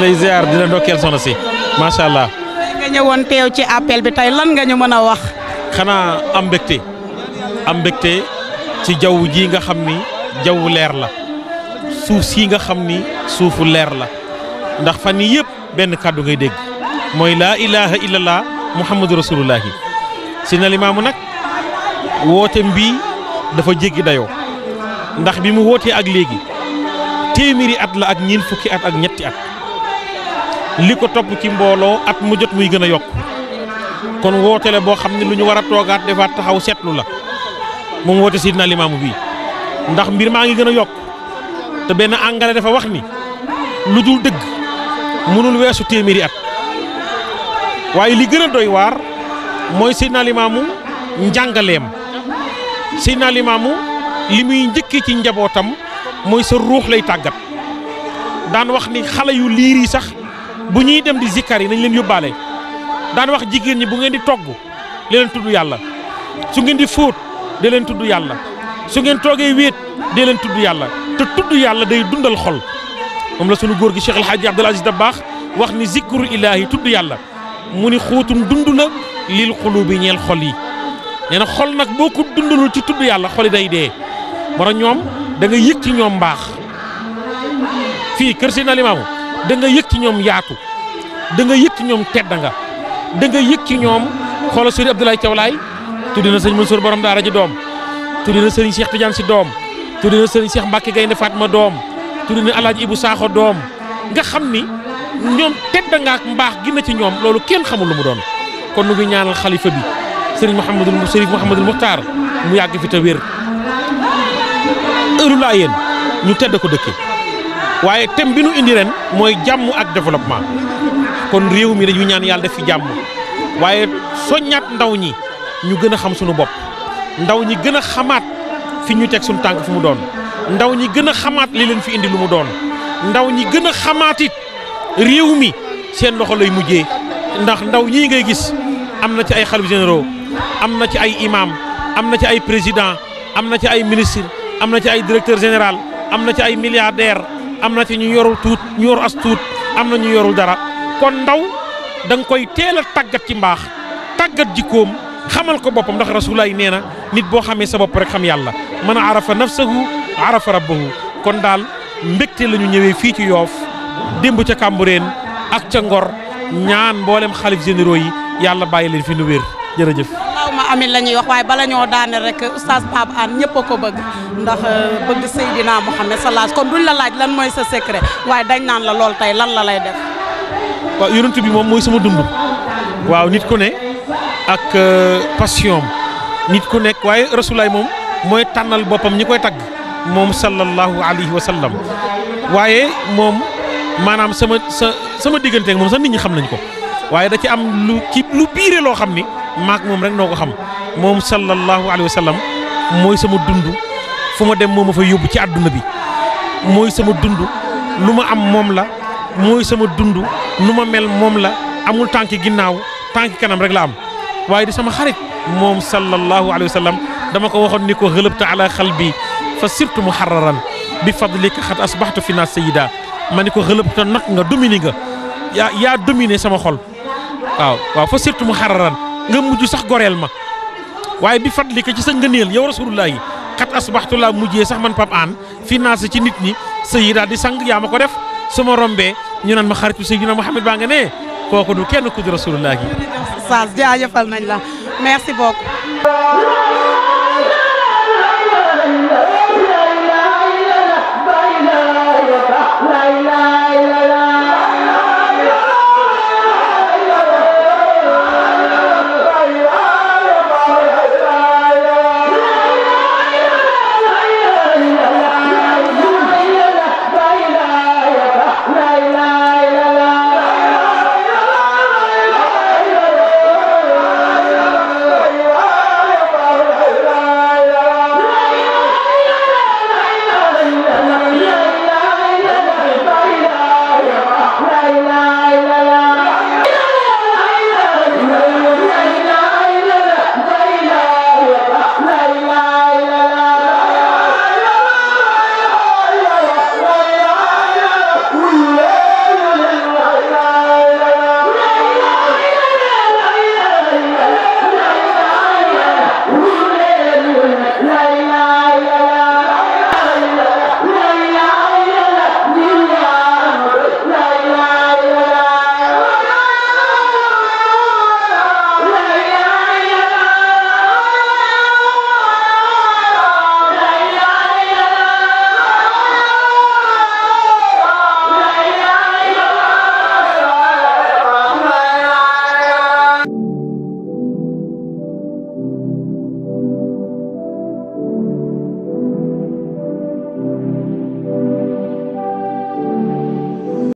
lay ziar di la ndokkeel soxna si macha allah. nga ñëwoon teew ci appel bi tey lan nga ñu mën a wax. xanaa am mbégte am bégte ci jaww ji nga xam ni jaww leer la suuf sii nga xam ni suufu leer la ndax fan yii yëpp benn kàddu ngay dégg mooy laa ilaha illallah muhammadu rasulullahi si na limaamu nag woote mbii dafa jéggi dayoo ndax bi mu wootee ak léegi téeméeri at la ak ñeent fukki at ak ñetti at li ko topp ci mbooloo at mu jot muy gën a yokk kon wootele boo xam ne lu ñu war a toogaat defaat taxaw seetlu la moom woote Seydina Limaamu bii ndax mbir maa ngi gën a yokk te benn angale dafa wax ni lu dul dëgg mënul weesu téeméeri at waaye li gën a doy waar mooy Seydina Limaamu njàngaleem Seydina Limaamu li muy njëkkee ci njabootam mooy sa ruux lay tàggat daan wax ni xale yu liir yi sax bu ñuy dem di zikkar yi nañ leen yóbbaale daan wax jigéen ñi bu ngeen di togg di leen tudd yàlla su ngeen di fóot di leen tudd yàlla su ngeen toogee wéet di leen tudd yàlla te tudd yàlla day dundal xol moom la sunu góor gi Cheikh El Hadji Abdoul Aziz wax ni zikru ilaahi tudd yàlla mu ni xóotum dund la lil xulubi ñeel xol yi nee na xol nag boo ko dundalul ci tudd yàlla xol day dee mara ñoom da nga yëg ci ñoom baax fii kër Seydina Limaamu da nga yëg ci ñoom yaatu da nga yëg ci ñoom tedd nga da nga yëg ci ñoom xoolal sëriñ Abdoulaye Thiawlaay tuddi na sëñ Mansour borom daara ji doom tuddi na sëriñ Cheikh Tidiane si doom tuddi na sëriñ Cheikh Mbacke Gaynde Fatma doom tuddi na Alaaji Ibu Saaxo doom nga xam ni ñoom tedd nga ak mbaax gi na ci ñoom loolu kenn xamul lu mu doon kon nu ngi ñaanal xalifa bi sëriñ Mouhamadul sëriñ Mouhamadul Muxtaar mu yàgg fi te wér heure laa ñu tedd ko dëkke waaye thème bi nu indi ren mooy jàmm ak développement kon réew mi dañu ñaan yàlla def fi jàmm waaye soññaat ndaw ñi ñu gën a xam suñu bopp ndaw ñi gën a xamaat fi ñu teg suñu tànk fu mu doon ndaw ñi gën a xamaat li leen fi indi lu mu doon ndaw ñi gën a xamaat it réew mi seen loxo lay mujjee ndax ndaw ñii ngay gis am na ci ay xalif généraux am na ci ay imam am na ci ay président am na ci ay ministre am na ci ay directeur général am na ci ay milliardaire am na ci ñu yorul tuut ñu yor as tuut am na ñu yorul dara kon ndaw da nga koy teel a tàggat ci mbaax tàggat jikkoom xamal ko boppam ndax ay nee na nit boo xamee sa bopp rek xam yàlla man a arafa nafsahu arafa rabbahu kon daal mbégte lañu ñu ñëwee fii ci yoof démb ca kàmbureen ak ca ngor ñaan mboolem xalif généraux yi yàlla bàyyi leen fi nu wér jërëjëf xaw ma amin la ñuy wax waaye bala ñoo daane rek oustaz Pape Hann ñëpp a ko bëgg ndax euh, bëgg Seydina Mouhamed salaas kon duñ la laaj lan mooy sa secret waaye dañ naan la lool tey lan la lay def. waaw bi moom mooy sama dund. waaw nit ku ne ak euh, passion nit ku nekk waaye rasulaay moom mooy tànnal boppam ñi koy tagg moom sallallahu alayhi wa sallam waaye moom maanaam sama sa sama digganteeg moom sax nit ñi xam nañ ko waaye da ci am lu ci lu biire loo xam ni. maak moom rek noo ko xam moom sallallahu alayhi wa sallam mooy sama dund fu ma dem moo ma fa yóbbu ci àdduna bi mooy sama dund lu ma am moom la mooy sama dund nu ma mel moom la amul tànki ginnaaw tànki kanam rek la am waaye di sama xarit moom sallallahu alayhi wa sallam dama ko waxoon ni ko xëlëbta ala xal bi fa sirtu muharraran bi fadlika xat asbaxtu fi naa sayida ma ni ko xëlëbta not nga domine nga yaa yaa domine sama xol waaw waaw fa sirtu muharraran nga mujj sax goreel ma waaye bi fàttali ko ci sa ngëneel yow rasulullahi xat asbaxtu laa mujjee sax man Pape Hann financé ci nit ñi sa yi daal di yaa ma ko def su ma rombee ñu naan ma xaritu Seydina Mouhamed baa nga ne kooku du kenn ku di rasulullahi. Oustaz jaajëfal nañ la merci beaucoup.